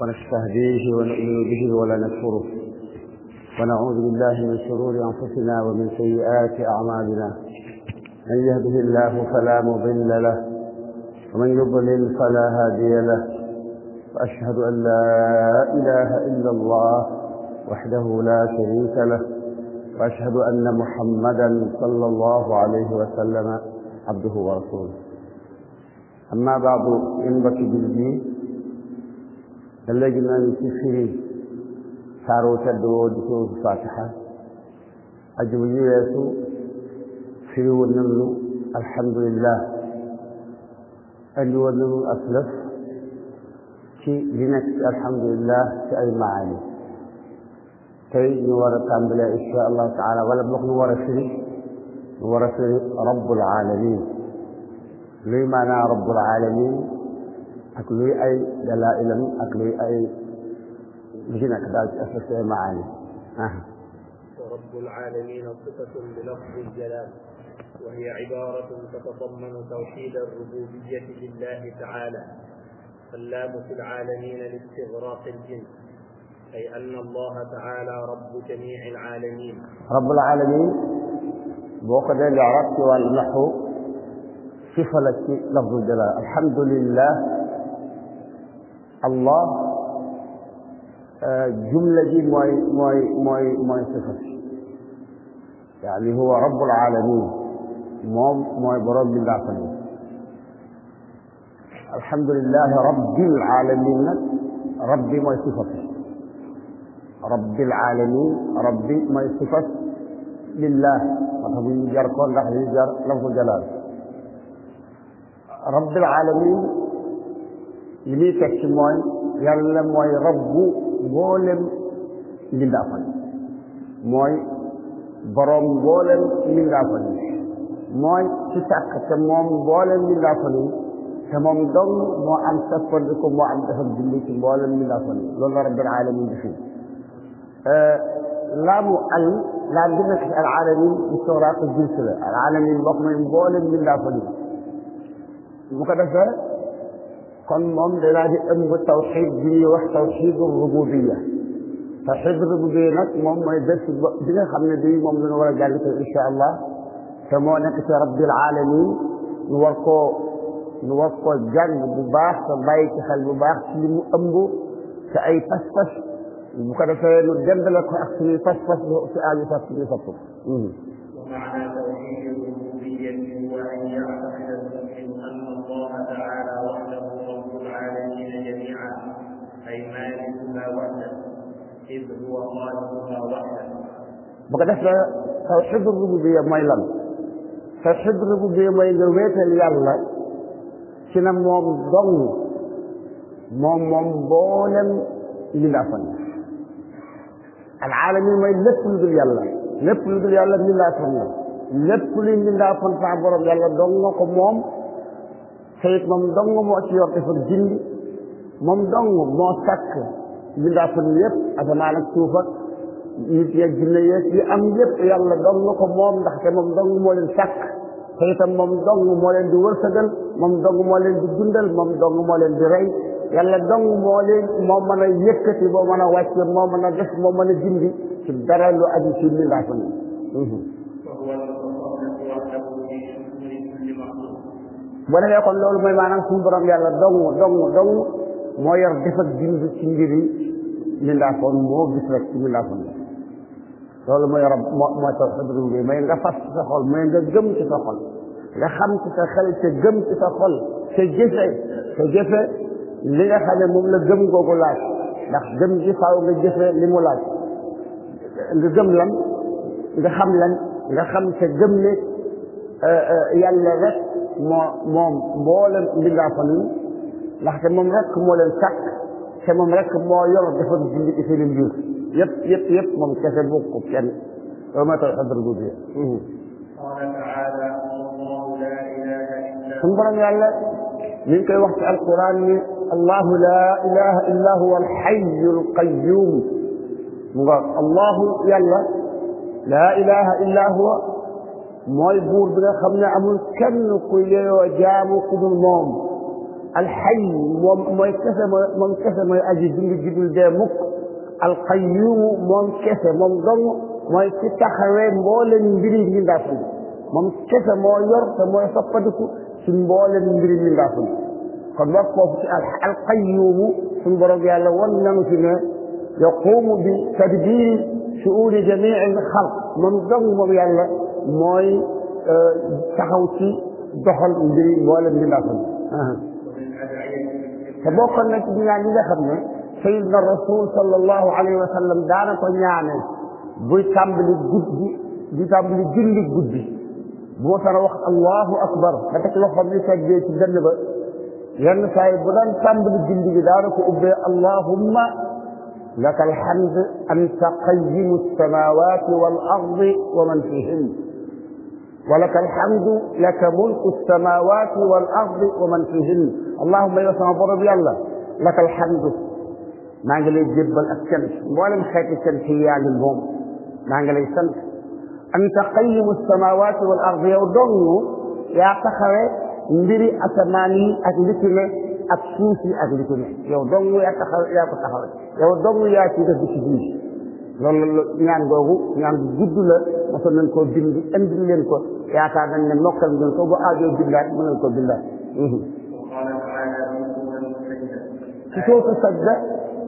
ونستهديه ونؤمن به ولا نكفره ونعوذ بالله من شرور أنفسنا ومن سيئات أعمالنا من يهده الله فلا مضل له ومن يضلل فلا هادي له وأشهد أن لا إله إلا الله وحده لا شريك له وأشهد أن محمدا صلى الله عليه وسلم عبده ورسوله أما بعد ينبغي بالجي اللجنة المسيحيين صاروا تدوا ودسو فاتحة أجب يسوع في ونمنو الحمد لله اللي ونمنو أسلف كي لنك الحمد لله في أي معاني تيجي ورا بلا إن شاء الله تعالى ولا بلغ ورا شريك ورسول رب العالمين لي معنى رب العالمين ak أي دلائل dalailam أي luy ay lu معاني nekk daal رب العالمين صفة بلفظ الجلال وهي عبارة تتضمن توحيد الربوبية لله تعالى اللام في العالمين لاستغراق الجن أي أن الله تعالى رب جميع العالمين رب العالمين بوقد العرب والنحو صفة لفظ الجلال الحمد لله الله آه، جملة دي موي موي موي موي صفر يعني هو رب العالمين موم موي برب العالمين الحمد لله رب العالمين رب موي صفر رب العالمين رب موي صفر لله حبيب جار كون ده حبيب جار لفظ جلال رب العالمين يلي تكشموين يلا موي رب غولم لين دافن موي بروم غولم لين دافن موي تشاك تموم غولم لين دافن تموم دوم مو ان سفر لكم مو ان تهب غولم لين دافن لولا رب العالمين بشي آه، لابو أل لا بدك العالمين بالسوراق الجنسية العالمين البطن المبول من لا فلي مقدسة كن مم لنادي أم التوحيد دي وحد توحيد الربوبية توحيد الربوبية نك مم ما يدرس بنا خمنا دي مم من ورا قالت إن شاء الله سمونا كت رب العالمين نوقف نوقف جنب مباح سبايك خل مباح سلم أمبو سأي bu ko defee nu dendale ko ak suñuy fas fas si aaju fas suñuy fas bu ko defee tawxiidu rububiyya mooy lan tawxiidu rububiyya mooy nga wéetal yàlla ci na moom dong moom moom mboolem li nga alaalamiin mooy lépp lu dul yàlla lépp lu dul yàlla mindeefoon la lépp luy mindeefoon saa borom yàlla dong nga ko moom te it moom dong moo ci yor dafa gindi moom dong moo sàkk mindeefoon yëpp asamaan ak suuf ak nit yeeg jinne yeeg yi am yëpp yàlla dong nga ko moom ndaxte moom dong moo leen sàkk te itam moom dong moo leen di wërsëgal moom dong moo leen di dundal moom dong moo leen di rey. yàlla dong moo leen moo mën a yëkkati moo mën a wàcce moo mën a def moo mën a dindi ci dara lu aju ci li laa sonn bu defee kon loolu mooy maanaam suñu borom yàlla dong dong dong moo yor def ak dindi ci mbiri mindaafoon moo gis rek ci mindaafoon loolu mooy rab moo mooy taw xadrum bi may nga fas ci sa xol may nga gëm ci sa xol nga xam ci sa xel te gëm ci sa xol te jëfe te jëfe li nga xam ne moom la gëm googu laaj ndax gëm gi faaw nga jëfe li mu laaj nga gëm lan nga xam lan nga xam te gëm ne yàlla rek moo moom mboolem mbindaa fa nun ndaxte moom rek moo leen sàkk te moom rek moo yor dafa bind ci seen mbir yëpp yëpp yëpp moom kese bokk ko kenn wa ma tax xadar gu biir suñu borom yàlla mi ngi koy wax ci alquran ni الله لا إله إلا هو الحي القيوم مغار الله يلا لا إله إلا هو موي بور بنا خمنا أمون كن كل يوجام كل الحي موي كسا من كسا موي أجي جنب جنب دامك القيوم موي كسا موي دم موي تتخري مولن بري من داخل موي كسا موي يرسا موي سفدك سنبولن بري من داخل قد وقف القيوم في رضي الله ونن فيما يقوم بتدبير شؤون جميع الخلق من ظلم رضي الله موي آه، تخوتي دخل مدري موالا من الله صلى آه. الله عليه وسلم فبقى سيدنا الرسول صلى الله عليه وسلم دانا طنيانا بيتامل الجدي بيتامل الجلي الجدي بوطن وقت الله أكبر فتك لفظ نسجي تدنبه yanni sai budan tambul jindigi daru ko ubbe allahumma lakal hamd an taqayyimus samawati wal ardi wa man fihim ولك الحمد لك ملك السماوات والارض ومن فيهن اللهم يا سما بر الله لك الحمد ما نجلي جبل اكن مولم خيت كان في يال البوم ما نجلي سن انت قيم السماوات والارض يا دون يا تخره mbiri a yi ak li ci ne ak suuf yi ak li ci ne yow dong yaa taxaw yaa ko taxawal yow dong yaa ci def ci biir loolu ñaan googu ñaan bu gudd la mosoon nañ koo bind indil leen ko yaakaar nañ ne mokkal ngeen ko bu aajoo bindaat mën nañ ko bindaat. Mhm. ci sootu sajda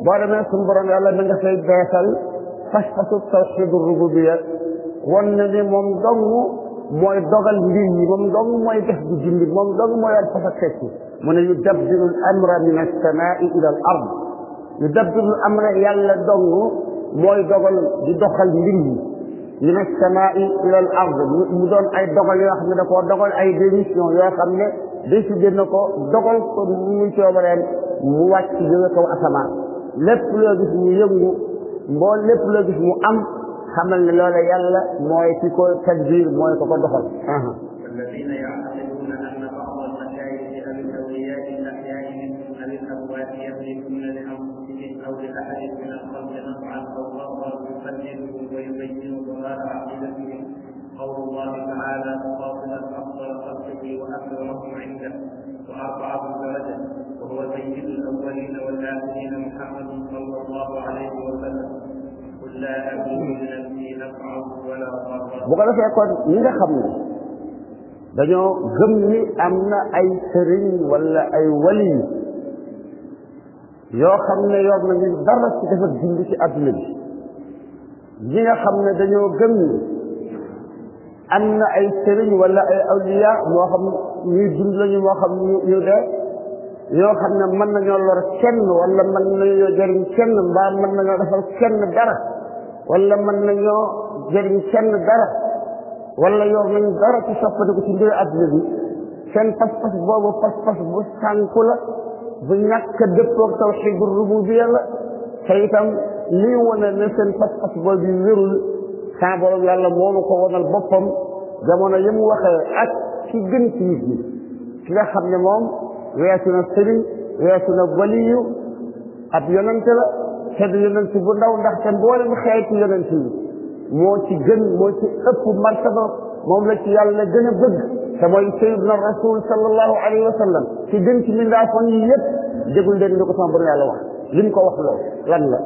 boo demee suñu borom yàlla na nga fay beesal fas fasu tawxidu rububiya wan ni moom dong. mooy dogal mbir yi moom dong mooy def di julli moom dong mooy yor fas ak fecc mu ne yudabbiru al amra min as-samaa'i ila al ard yudabbiru al amra yàlla dong mooy dogal di doxal mbir yi min as-samaa'i ila al ard mu doon ay dogal yoo xam ne da dogal ay décision yoo xam ne décidé na ko dogal ko muy coobareen mu wàcc jóge kaw asamaan lépp loo gis mu yëngu mboo lépp loo gis mu am xamal ne loola yàlla mooy ki ko tadbir mooy ko ko doxal الله عليه لا أجد bu ko defee kon ñi nga xam ne dañoo gëm ni am na ay sëriñ wala ay wali yoo xam ne yor nañu dara ci dafa dund ci adduna bi ñi nga xam ne dañoo gëm ni am na ay sëriñ wala ay awliya moo xam ñuy dund lañu moo xam ñu ñu dee yoo xam ne mën nañoo lor kenn wala mën nañoo jëriñ kenn mbaa mën nañoo defal kenn dara wala mën nañoo jëriñ kenn dara wala yor nañ dara ci soppandiku ci mbir àdduna bi seen pas-pas boobu pas-pas bu sànku la bu ñàkk dëppoog tawxidu rububiya la te itam lii wane ne seen pas-pas boobu wérul saa borom yàlla moonu ko wonal boppam jamono yi mu waxee ak ci gën ci nit ñi ki nga xam ne moom weesu na sëriñ weesu na waliyu ab yonante la te du yonent bu ndaw ndax te mboolem xeetu yonent yi moo ci gën moo ci ëpp martaba moom la ci yàlla gën a bëgg te mooy sayidna rasul sallallahu alayhi wa sallam ci gën ci mindaafoon yi yépp dégul leen li ko sama borom yàlla wax li mu ko wax lool lan la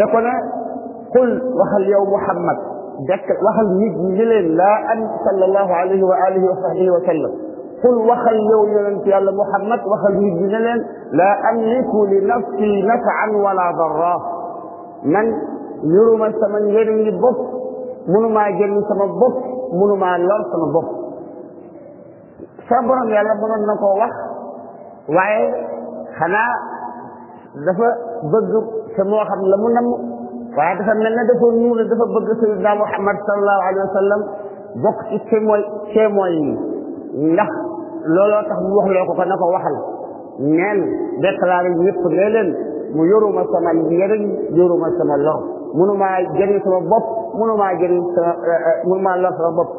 da ko ne qul waxal yow muhammad dekk waxal nit ñi leen laa an sallallahu alayhi wa alihi wa sahbihi wa sallam قل وخل يو يننتي على محمد وخل يجنل لا أملك لنفسي نفعا ولا ضرا من يرمى سمن يرمي بف من ما يرمي سمن بف من ما يرمي سمن بف سبرم يلا من النقوة وعي خنا دفع بذب سموه خم لمنم وعي دفع من دفع نور دفع بذب سيدنا محمد صلى الله عليه وسلم بوك تي موي تي موي looloo tax mu wax loo ko ko na ko waxal neen déclaré ñëpp ne leen mu ma sama njëriñ yoruma sama lor munumaa jëriñ sama bopp munumaa jëriñ sama eh, eh, munumaa lor sama bopp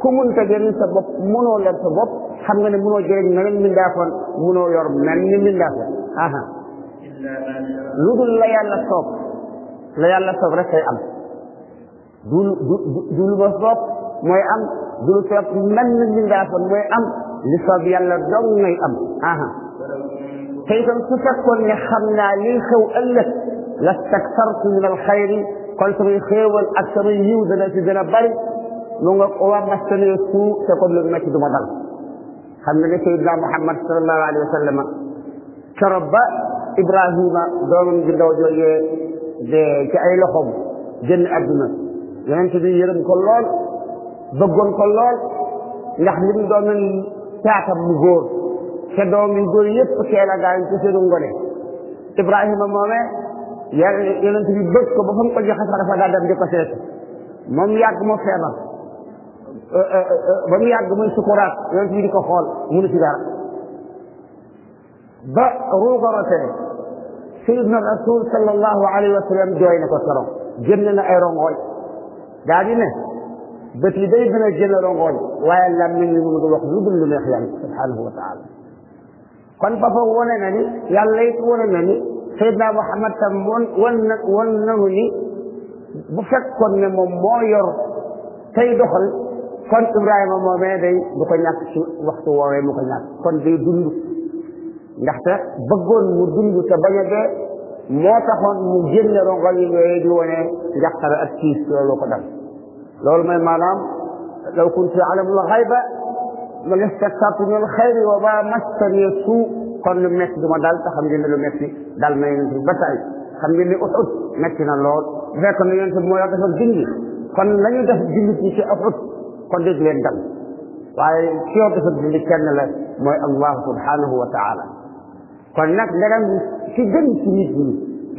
ku munta jëriñ sa bopp munoo lor sa bop xam nga ne munoo jëriñ meneen mbindaafoon munoo yor mel ni mbindaafoon aha lu dul la yàlla soob la yàlla soob rek kay am du ma soob mooy am du lu soob mel ni mooy am li soob yàlla dong ngay am aha te itam su fekkoon ne xam naa lii xew ëllëg lastaktartu min alxayri kon samay xéewal ak samay yiw dana ci gën a bari mu nga waa mastanee suu te kon lu metti duma dal xam nga ne sayidna muhammad salallahu alayhi wa sallam keroog ba ibrahima doomam ji ndaw jooyee de ci ay loxoom génn àdduna yonente bi yërëm ko lool bëggoon ko lool ndax lim doonoon caatam bu góor te doom yu góor yëpp teel a gaañ ci seenu ngone Ibrahima moomee yonent bi bëgg ko ba fa mu ko joxe sax dafa daal dem di ko seeti moom yàgg mu feebar euh, euh, euh, ba mu yàgg muy sukuraat yonent bi di ko xool mënu ci dara ba ruuga rotee sayidna rasul sallallahu alayhi ko soro génn ay rongoñ daa بتي ديبنا جلال غول وإلا من يمد وخذوب اللي يخيان سبحانه وتعالى كان بابا وانا ناني يالليت وانا ناني سيدنا محمد تمون وانا ناني بشك كن من موير تي دخل كان إبراهيم مميدي بكنياك شو وقت وانا مكنياك كان دي دلو نحتى بغون مدلو تبانيا دي موتا خون مجلل غول يجواني نحتى الأسيس لولو قدر لول ما يمالام لو كنت أعلم الغيبة ما استكثرت من الخير وما مستني السوء كن مك دوما دال تخمي لي مك دال ما ينتي بتاي خمي لي اوت مكنا لول ذاك ما ينتي مو يقف الدنيا كن لا يدف الدنيا في اوت كن ديك لين دال واي كيو دف الدنيا كان لا مو الله سبحانه وتعالى كن نك دغان في دني في نيت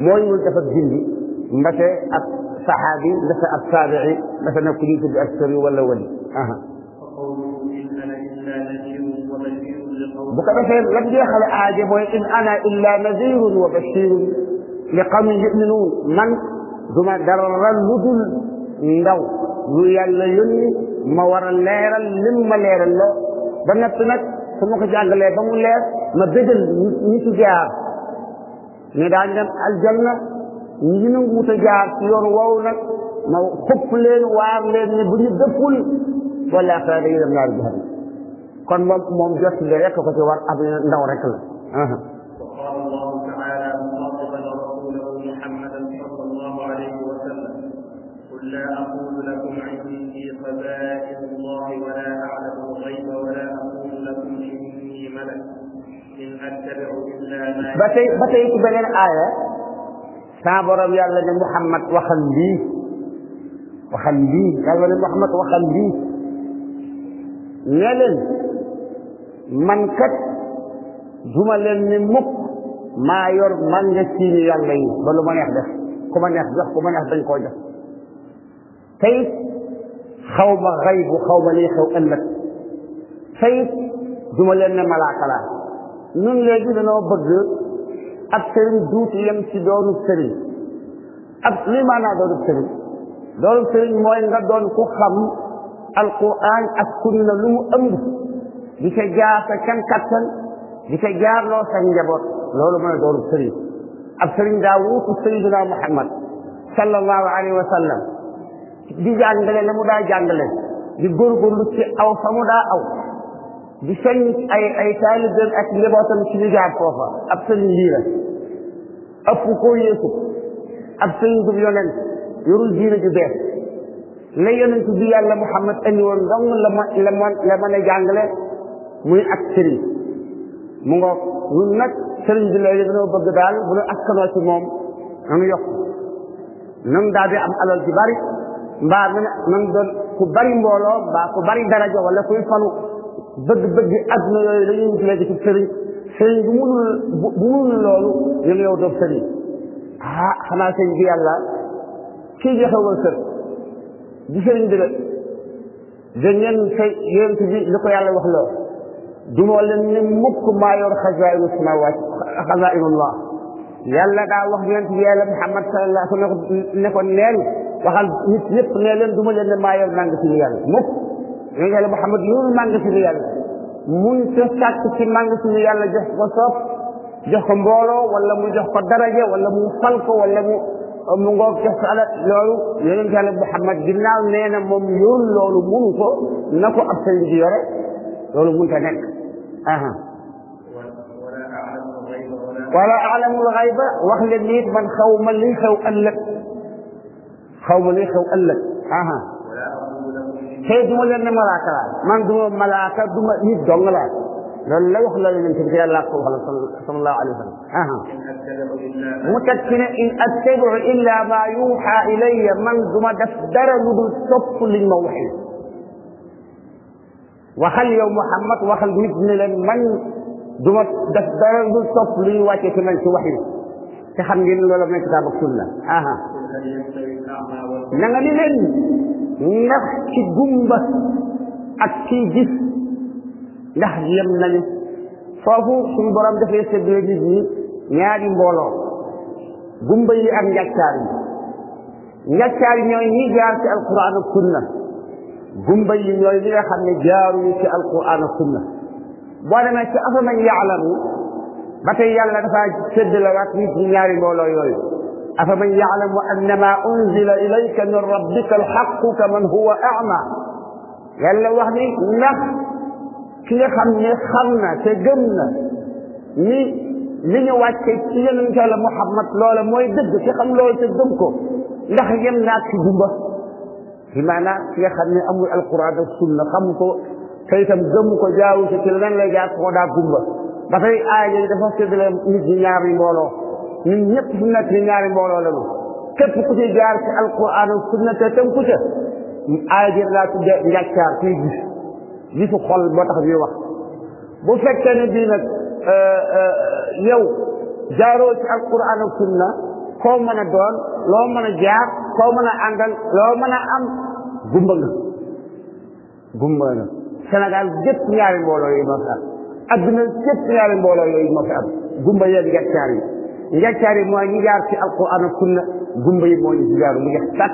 مو يدف الدنيا مباشه صحابي مثل التابعي مثلا كنيت بأسري ولا ولي أها بكرة فين لم يخل عاجب إن أنا إلا نذير وبشير لقوم يؤمنون من ثم درر اللدل نو ويال يلي ما ورا الليرة لما ليرة لو بنتمت ثم كجانب ليرة بمو ليرة ما بدل نتجاه ندعنا الجنة ñi nanguwut a jaar ci yoon wow nag ma xupp leen waar leen ne bu ñu dëppul wala xanaa dañuy dem naaru jahannam kon moom moom jot li rek ko ci war ab ndaw rek la. ba tey ba tey ci beneen aaya سابرم يالا محمد وخل لي وخل لي يالا محمد وخل لي نلن من كت جملن من مك ما يور من يسير يالا بلو من يحدث كما يحدث كما يحدث يقول كيف خوما غيب وخوما ليس وانك كيف جملن ملاكلا نون لجي دانو بغ ab sëriñ duut yem ci doonu sëriñ ab li maanaa doonu sëriñ doonu sëriñ mooy nga doon ku xam alquran ak sunna lu mu di ca jaar sa kem kattan di ca jaarloo sa njaboot loolu mooy doonu sëriñ ab sëriñ daa wuutu sayyidina mu daa jàngale di góorgóorlu ci aw fa mu daa aw di feñ ay ay taalibeem ak njabootam ci ñu jaar foofa ab sëriñ lii la ëpp koo yéesu ab sëriñ bu yonent yorul diina ju bees la yonent bi yàlla muhammad andi woon dong la ma la ma la mën a jàngale muy ak sëriñ mu ngoog ñun nag sëriñ bi léegi dañoo bëgg daal bu nu askanoo ci moom nanu yokk nan daal di am alal ju bari mbaa nan doon ku bari mbooloo mbaa ku bari daraja wala kuy fanu bëgg-bëgg aduna yooyu la ñuy léegi ci sëriñ sëriñ bu munul bu munul loolu yow yow doo sëriñ ah xanaa sëriñ bi yàlla kii joxe woon sër di sëriñ bi la da ngeen say yéen bi li ko yàlla wax loo du moo leen ne mukk maa yor xasaayinu samawaat xasaayinullah yàlla daa wax yéen bi yàlla Muhammad sallallahu alayhi wa sallam ne ko neen waxal nit ñëpp ne leen du ma leen ne maa yor nang ci yàlla mukk ne yàlla Muhammad loolu màngasinu yàlla mun ta sàkk ci màngasinu yàlla jox ko sopp jox ko mbooloo wala mu jox ko daraja wala mu fal ko wala mu mu ngoog jox ko ala loolu yonent yàlla Muhammad ginnaaw nee na moom yoon loolu munu ko na ko ab sëriñ di yore loolu mun ta nekk aha wala alamul xayba wax leen nit man xaw ma li xew ëllëg xaw ma li xew ëllëg aha سيد مولانا ملاكا من دو ملاكا دو ميت دونغلا لا لا يخلى من تبقى الله صلى الله عليه وسلم أه. متكنا إن أتبع إلا ما يوحى إلي من دو دفدر يدو السبق للموحي وخل يوم محمد وخل بإذن لن من دو دفدر يدو السبق للوحي كمن توحي تخمجين لولا من كتاب السنة أه. نعم نعم ndax ci gumba ak kii gis ndax yem nañu foofu suñu borom dafay séddale nit ñi ñaari mbooloo gumba yi ak njàccaar yi njàccaar yi ñooy ñi jaar ci alquran ak sunna gumba yi ñooy ñi nga xam ne jaaruñu ci alquran ak sunna boo demee ci afaman yaalamu ba tey yàlla dafaa séddalewaat nit ñi ñaari mbooloo yooyu أفمن يعلم أن ما أنزل إليك من ربك الحق كمن هو أعمى يلا وهني نف كلخم يخمنا تجمنا ني من إن شاء الله محمد لا لا ما يدب كلخم لا يدبكم لا خيم ناتي جمبا بمعنى كلخم أمر القرآن والسنة خمطو كيف مزمك جاوش كلنا لا جاك ودا جمبا بس آية دفعت لهم إجناري مولو ñun ñëpp fu nekk ni ñaari mbooloo la ñu képp ku ci jaar ci alquran ak sunna te tam ku ca aajir laa tudde njàccaar kuy gis gisu xol moo tax ñuy wax bu fekkee ne bii nag yow jaaroo ci alquran ak sunna koo mën a doon loo mën a jaar koo mën a àndal loo mën a am gumba nga gumba nga Sénégal gépp ñaari mbooloo yooyu moo fi am adduna gépp ñaari mbooloo yooyu moo fi am gumba yeeg njàccaar yi njaccaar yi mooy ñi jaar ci alquran ak sunna gumba yi moo ñu ci jaaru mu jeex tas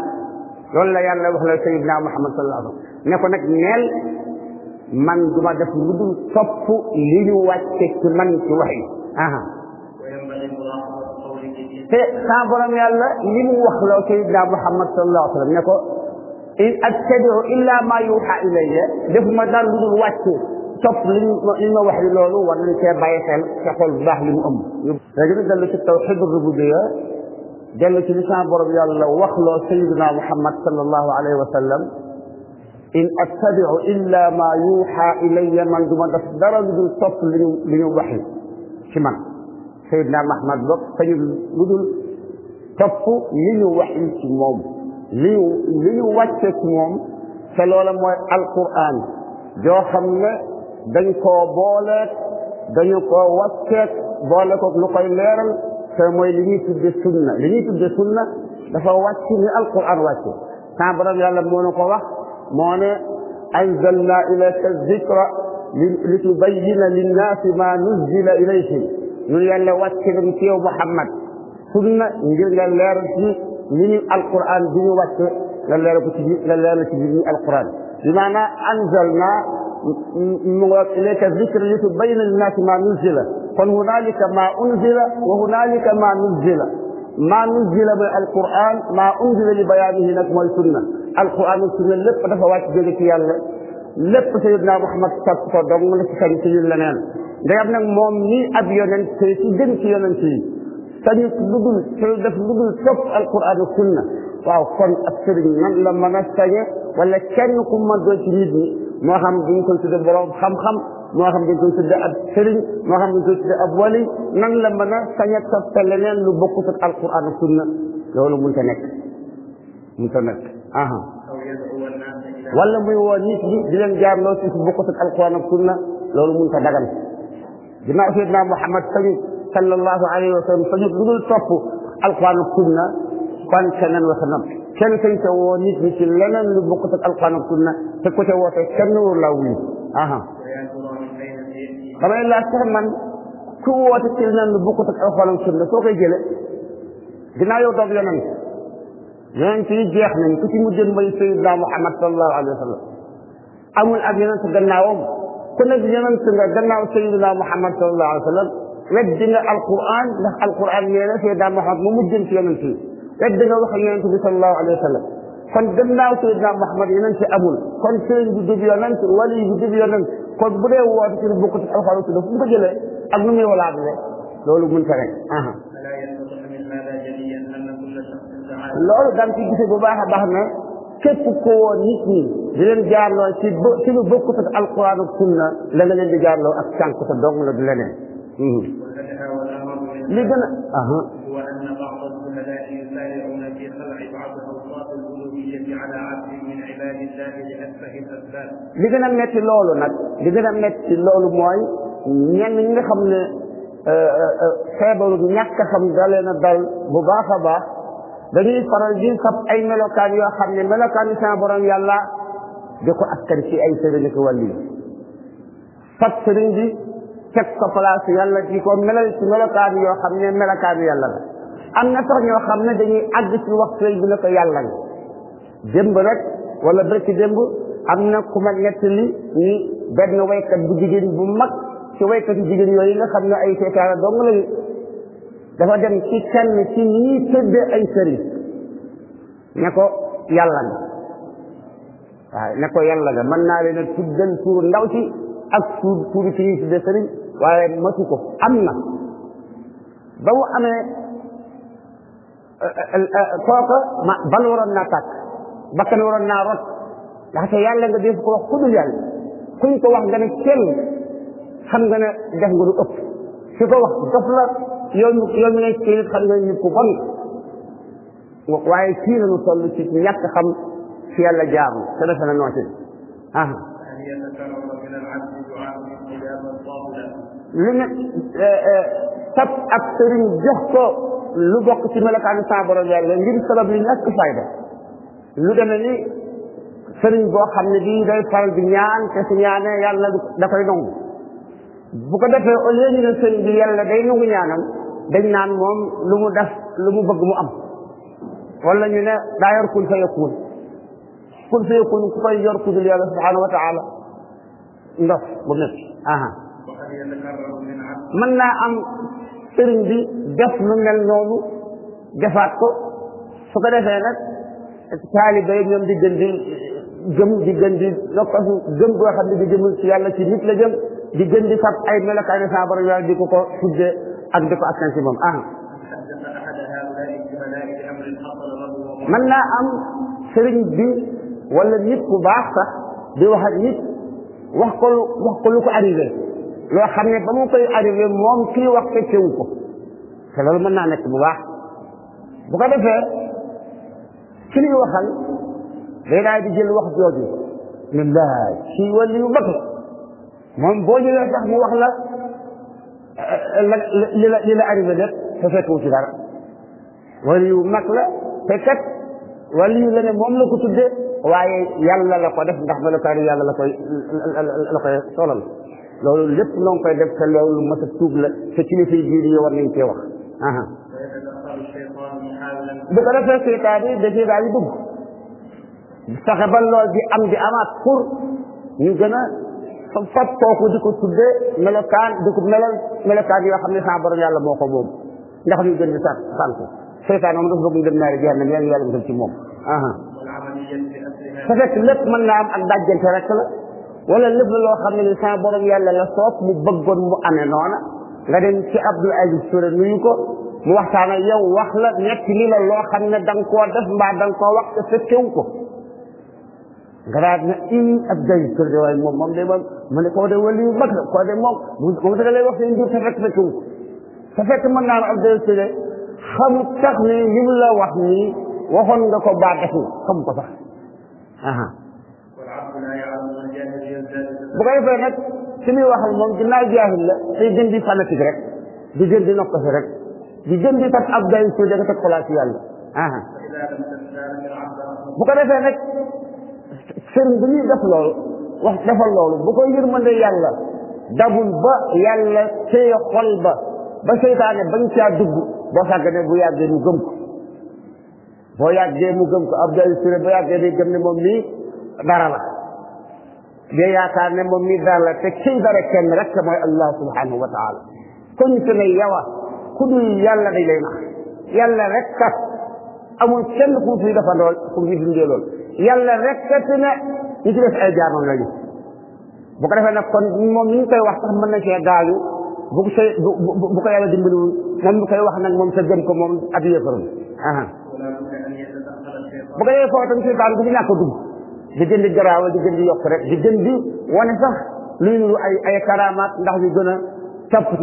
loolu la yàlla wax la sayidna muhammad sallallahu alayhi wasallam ne ko nag neel man duma def lu dul topp li ñu wàcce ci man ci wax yi aha te sa borom yàlla li mu wax la sayidna muhammad sallallahu alayhi wasallam ne ko in attabiu illa ma yuha ilayya defuma dara lu dul wàccee top li li ma wax loolu war nañ cee bàyyi xel ca xol bu baax li mu ëmb léegi nag dellu ci tawxid rububiya dellu ci li sama borom yàlla wax loo sayidina muhammad sallallahu alayhi wa sallam in attabiu illa ma yuuxa ilayya man du ma def dara lu dul topp li ñu li ñu waxi ci man sayidina muhammad bokk sañu lu dul topp li ñu waxi ci moom li li ñu wàcce ci moom te loola mooy alquran joo xam ne dañ koo booleeg dañu koo wàcceeg boole ko lu koy leeral te mooy li ñuy tudde sunna li ñuy tudde sunna dafa wàcc ni alquran wàcc sans borom yàlla moo na ko wax moo ne anzalna ilayka zikra li tubayyina linnaasi ma nuzila ilayhim ñun yàlla wàcc nañ ci yow muhammad sunna ngir nga leeral ci li ñu alquran bi ñu wàcc la leeral ko ci la leeral ci li ñu alquran bi maanaa anzalna لك ذكر لتبين الناس ما نزل فهنالك ما أنزل وهنالك ما نزل ما نزل بالقرآن ما أنزل لبيانه نك موي سنة القرآن والسنة لب دفع وات يا الله لب سيدنا محمد صلى الله عليه وسلم سكان سيدنا لنان day am nag moom nii ab yonent te ci gën ci yonent yi sañu dugul te def dugul topp alquran ak sunna waaw kon moo xam dañ koy tudde borom xam-xam moo xam dañ koy tudde ab sëriñ moo xam dañ koy tudde ab wali nan la mën a sañ a toppe leneen lu bokkut ak alquran ak sunna loolu mënta nekk mënta nekk aha wala muy woo nit ñi di leen jaarloo ci su bokkut ak alquran sunna loolu mënta dagan ginnaaw sayyidina Muhammad sañu sallallahu alayhi wa sallam sañu lu dul topp alquran ak sunna kon keneen wasa noppi كان كان توانيك مثل لنا من بقة القانا كنا تكوتا وفاكنا ولاوي اها قبل الله سهما كوة تلنا من بقة القانا كنا سوك جل جنا يوضب لنا جنا في جيحنا كتي مجد مي سيدنا محمد صلى الله عليه وسلم أم الأبيان تدنا وم كنا جنا تدنا سيدنا محمد صلى الله عليه وسلم ردنا القرآن القرآن يلا سيدنا محمد ممجد في فيه rek da nga wax ak yonent bi sallallahu alayhi wa sallam kon gannaaw Seydina Muhammad yonent amul kon sëriñ bi dib yonent wali bi dib yonent kon bu dee woote ci ci alxuraan su dafa ko jëlee ak nu muy walaatale loolu mun ta rek loolu daan ci gise bu baax a baax ne képp ko woon ñi di leen jaarloo ci ci lu bokk ci alxuraan sunna la nga leen di jaarloo ak sànq sa dong la du leneen mhm. li gën a li gën a metti loolu nag li gën a metti loolu mooy ñenn ñi nga xam ne euh, euh, euh, feebaru ñàkk xam da leen a dal bu baax a baax dañuy faral di sab ay melokaan yoo xam ne melokaan yu borom yàlla di ko askan ci ay sëriñ ko wàllu fat sëriñ bi teg ko place yàlla ko melal ci yoo xam ne melokaanu yàlla la am na sax ñoo xam ne dañuy àgg ci waxtu bi ne ko yàlla la démb rek wala bërki démb am na ku ma nettali ni benn waykat bu jigéen bu mag ci waykat jigéen yooyu nga xam ne ay seetaana dong lañu dafa dem ci kenn ci ñi tëdd ay sëriñ ne ko yàlla nga waaw ne ko yàlla nga man naa leen tuddal tuur ndaw si ak tuur tuuri ci ñuy tudde sëriñ waaye matu ko am na ba mu amee euh, euh, euh, kooka ma bal waroon naa tàkk bakkan waroon naa rot ndaxte yàlla nga def ko wax ku dul yàlla kuñ ko wax nga ne kenn xam nga ne def nga lu ëpp su ko wax dof la yow yow mi ne ci xam nga nit ku bon waaye la nu toll ci ñàkk xam ci yàlla jaamu te dafa na noo ci ah lu ne sab ak sëriñ jox ko lu bokk ci melokaanu saa borom yàlla ngir sabab li ñàkk fayda lu demee ni sëriñ boo xam ne bii day faral di ñaan te su ñaanee yàlla da koy nangu bu ko defee au lieu ñu ne sëriñ bi yàlla day nangu naan moom lu mu def lu mu mu am wala ñu ne daa yor kun yàlla subhanahu wa taala mën naa am sëriñ bi def lu defaat ko su nag taaliba ñoom di gën gëm di gën di nokkasu gëm goo xam ne di jëmul ci yàlla ci nit la jëm di gën di fab ay melokaani saa borom yàlla di ko ko tudde ak di ko askan ci moom ah man naa am sëriñ bi wala nit ku baax sax di wax ak nit wax ko wax ko lu ko arrivé loo xam ne ba mu koy arrivé moom kii wax feccewu ko te loolu mën naa nekk bu baax bu ko defee ki ñuy waxal أن لين عادي جل وقت يودي من لها شيء يولي مكر من بوجي لا تحمي وحلا للا عرب ذلك فسكو تدار ولي مكر فكت ولي لنا مملكة تدي واي يلا لك ودف نحن لك يلا لك لك صلال لو لب نون كي دف كلو مسكتوب لسكين في جيري ورنين كي وقت أها بكرة في تاريخ دجي رأي بكرة fexe ba lool di am di amaat pour ñu gën a fab kooku di ko tuddee melokaan di ko melal melokaan yoo xam ne sa borom yàlla moo ko moom ndax ñu gën di sànq sànq seytaan moom dafa bëgg ngën naari jahannam yàlla yàlla musal ci moom aa peut-être mën naa am ak dajjante rek la wala lépp loo xam ne ni sa borom yàlla la soob mu bëggoon mu amee noona nga dem ci Abdul Aziz Touré nuyu ko mu waxtaan ak yow wax la ñett li la loo xam ne dan ko koo mbaa da koo wax ko garaad na in ab day kër de waaye moom moom day moom mu ne koo de wali yu mag la koo de moom moom da lay wax seen jur te fekk fekku te fekk mën naa ab day kër de xamu tax ne lim la wax nii waxoon nga ko baa defu xamu ko sax aha bu ko defee nag si muy waxal moom ginnaaw jaahil la day gën di fanatique rek di gën di nokkasi rek di gën di tax ab day kër de nga teg place yàlla aha bu ko defee nag sëriñ bi ñuy def loolu wax defal loolu bu ko yërmande yàlla dabul ba yàlla téye xol ba ba seytaane bañ caa dugg boo sàgganee bu yàggee mu gëm ko boo yàggee mu gëm ko Abdoulaye Touré ba yàggee di gëm ne moom lii dara la day yaakaar ne moom lii dara la te kii dara kenn rek Allah subhanahu wa taala kon su ne yawa ku dul yàlla dañ lay nax yàlla rek kat amul fi dafa ndool ku fi dundee lool yàlla rekkat ne ñi ci def ay jaamam lañu bu ko defee nag kon moom ni ñu koy wax sax mën na cee gaayu bu ko see bu bu ko yàlla koy wax nag moom sa gëm ko moom ab mu bu ko yee foofu tam seytaan bu ci ñàkk dugg di gën di garaawal di gën di yokk rek di gën di wane sax luy nuru ay karamaat ndax yu gën a تبقى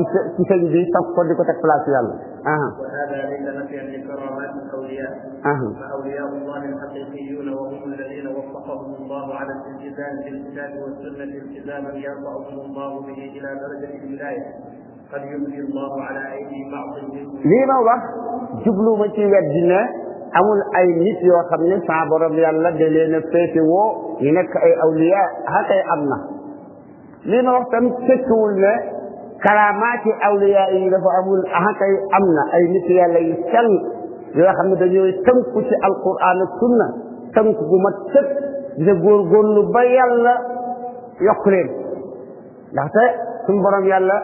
وهذا عند نفي الكرامات الأولياء فأولياء الله الحقيقيون وهم الذين وفقهم الله على الالتزام بالكتاب والسنة التزاما يرفعهم الله به إلى درجة الولاية قد يمضي الله على أيدي بعض لما وقت جبلوا ما تيجينا amul ay nit yo xamne sa borom yalla de leena fete karaamaati awliyaa yi dafa amul ahakay am na ay nit yàlla yu sell yoo xam ne dañooy tënku ci alquran ak sunna tënk gu mat sëkk dina góorgóorlu ba yàlla yokk leen ndaxte suñu yàlla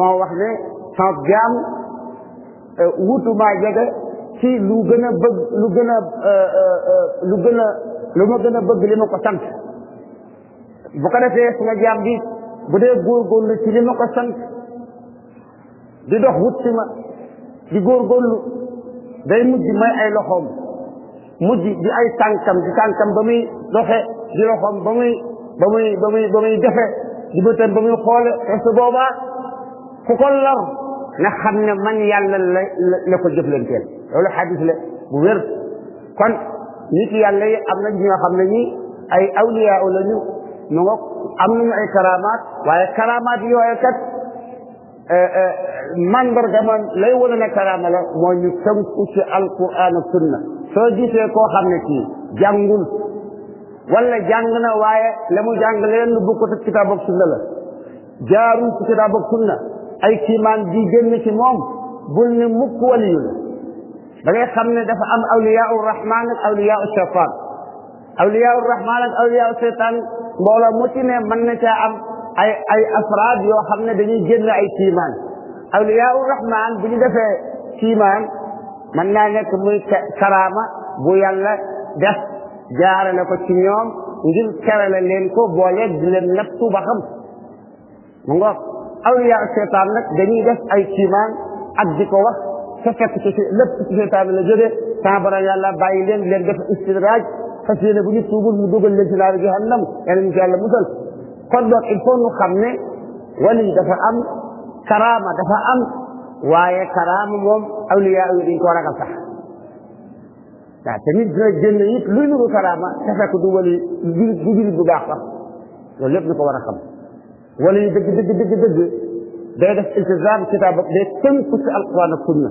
moo wax ne sama jaam euh, wutumaa jege ci lu gën a bëgg lu gën a euh, euh, lu gën a lu ma gën a bëgg li ko sant bu ko defee suma jaam bi bu dee góorgóorlu ci li ko sant di dox wut ma di góorgóorlu day mujj may ay loxoom mujj di ay tànkam di tànkam ba muy doxe di loxoom ba muy ba muy ba muy ba muy defe di bëtam ba muy xoole te su boobaa ku ko lor na xam ne man yàlla la la ko jëflanteel loolu bu wér kon nit yàlla yi am na ñoo xam ne ñi ay awliyaa la ñu nu nga am nañu ay karamaat waaye karamaat yooyu kat Euh, euh, mandarga man lay wane ne karaama la moo ñu tënku ci alquran ak sunna soo gisee koo xam ne kii jàngul wala jàng na waaye la mu jàng leen lu bokkut ak kitaab ak sunna la jaarul ci sunna ay kiimaan di génn ci moom bul ne mukk waliyu la da ngay xam ne dafa am awliyaau rahman ak awliyaau shaytaan awliyaau rahman ak awliyaau shaytaan mbooloo mu ci ne mën na caa am ay ay afraad yoo xam ne dañuy génn ay kiimaan awliyaa rahmaan bu ñu defee kiimaan mën naa nekk muy karaama bu yàlla def jaarale ko ci ñoom ngir kerale leen ko booleeg di leen nattu ba xam mu ngoog awliyaa seetaan nag dañuy def ay kiimaan ak di ko wax te fekk ci lépp ci seetaan la jóge sans borom yàlla bàyyi leen leen def istidraaj fas yéene bu ñu tuubul mu dugal leen ci naaru jahannam yàlla ñu ci yàlla musal ko donc il faut xam ne wali dafa am karaama dafa am waaye karaama moom awliyaa yi dañ ko ragal sax waaw te nit dina luy nuru karaama te fekk du wali du jullit bu baax sax loolu lépp na ko war a xam wala yu dëgg dëgg dëgg dëgg day def iltizaam kitaab day tënku ci alquran ak sunna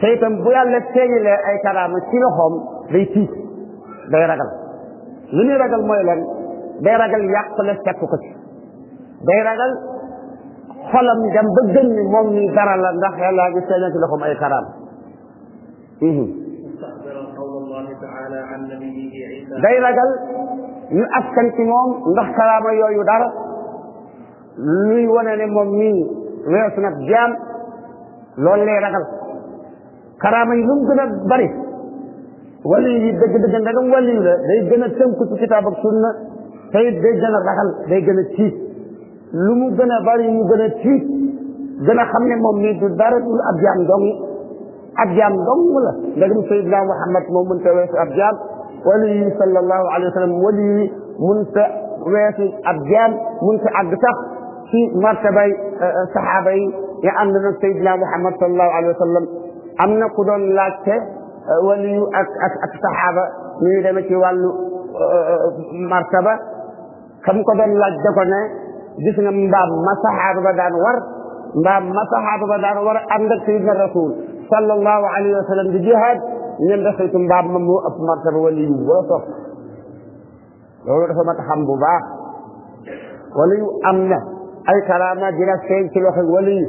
te itam bu yàlla feeñalee ay karaama ci loxoom day tiit day ragal li muy ragal mooy day ragal yàq la fekk ko ci day ragal xolam dem ba gën ni moom ni dara la ndax yàlla ngi feeñal ci loxoom ay xaraam day ragal ñu askan ci moom ndax kalaama yooyu dara luy wane ne moom mii weesu nag jaam loolu lay ragal kalaama yi lu mu gën a bari wàllu yi dëgg-dëgg ndagam wàllu yi la day gën a tënku ci kitaab ak sunna te it day gën a ragal day gën a tiit lu mu gën a bari mu gën a tiit gën a xam ne moom mii du dara dul ab jaam dong ab jaam dong la ndegam sayidna muhammad moom mën ta weesu ab jaam wali yi sallallahu alayhi wa sallam wali yi mun ta weesu ab jaam mun ta àgg sax ci martabay saxaaba yi ya ànd nag sayidna muhammad sallallahu alayhi wa sallam am na ku doon laajte wali yu ak ak ak saxaaba ñuy demee ci wàllu martaba kam ko doon laaj da ko mbaam ma saxaaba ba daan war mbaam ma saxaaba ba daan war ànd ak sayyidina rasul sallallahu alayhi wa mbaam ma moo ëpp martaba wala yu boo sox loolu dafa mat xam bu baax wala yu am na ay karaama dina feeñ ci loxo wala yu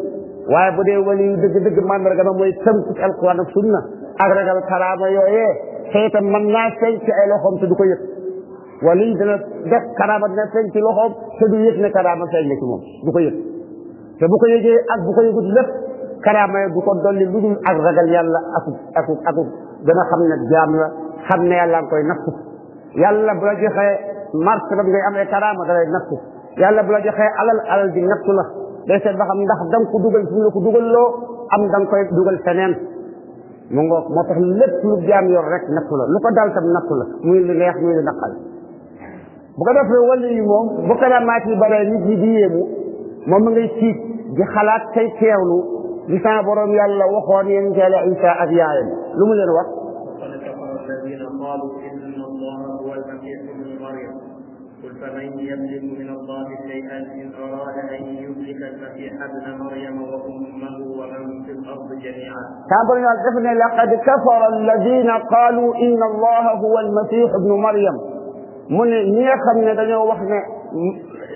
waaye bu dee wala yu dëgg-dëgg ma mooy tënku ci alquran ak sunna ak ragal karaama yooyee te itam mën naa ci ay loxoom te du ko yëg wala yi dana def karaama dina feeñ ci loxoom te du yëg ne karaama feeñ na du ko yëg te bu ko yëgee ak bu ko yëgut lépp karaama yi du ko dolli lu dul ak ragal yàlla akub akub akub dana xam ne jaam la xam ne yàlla nga koy nattu yàlla bu la joxee marché ba ngay amee karaama da lay nattu yàlla bu la joxee alal alal di nattu la day seet ba xam ndax da nga ko dugal fu mu dugal loo am da nga koy dugal feneen mu ngoog moo tax lépp lu jaam yor rek nattu la lu ko dal tam nattu la muy lu neex mu lu naqal bu ko defee wala yi moom bu kalamaat yi bare nit ñi di yéemu moom ma ngay ci di xalat tay teewlu di sa borom yàlla waxon yéen teele isa ak yaayam lu mu len wax فمن يملك من الله شيئا إن أراد أن يملك المسيح ابن مريم وأمه ومن في الأرض جميعا. كان لقد كفر الذين قالوا إن الله هو المسيح ابن مريم mu ne ñi nga xam ne dañoo wax ne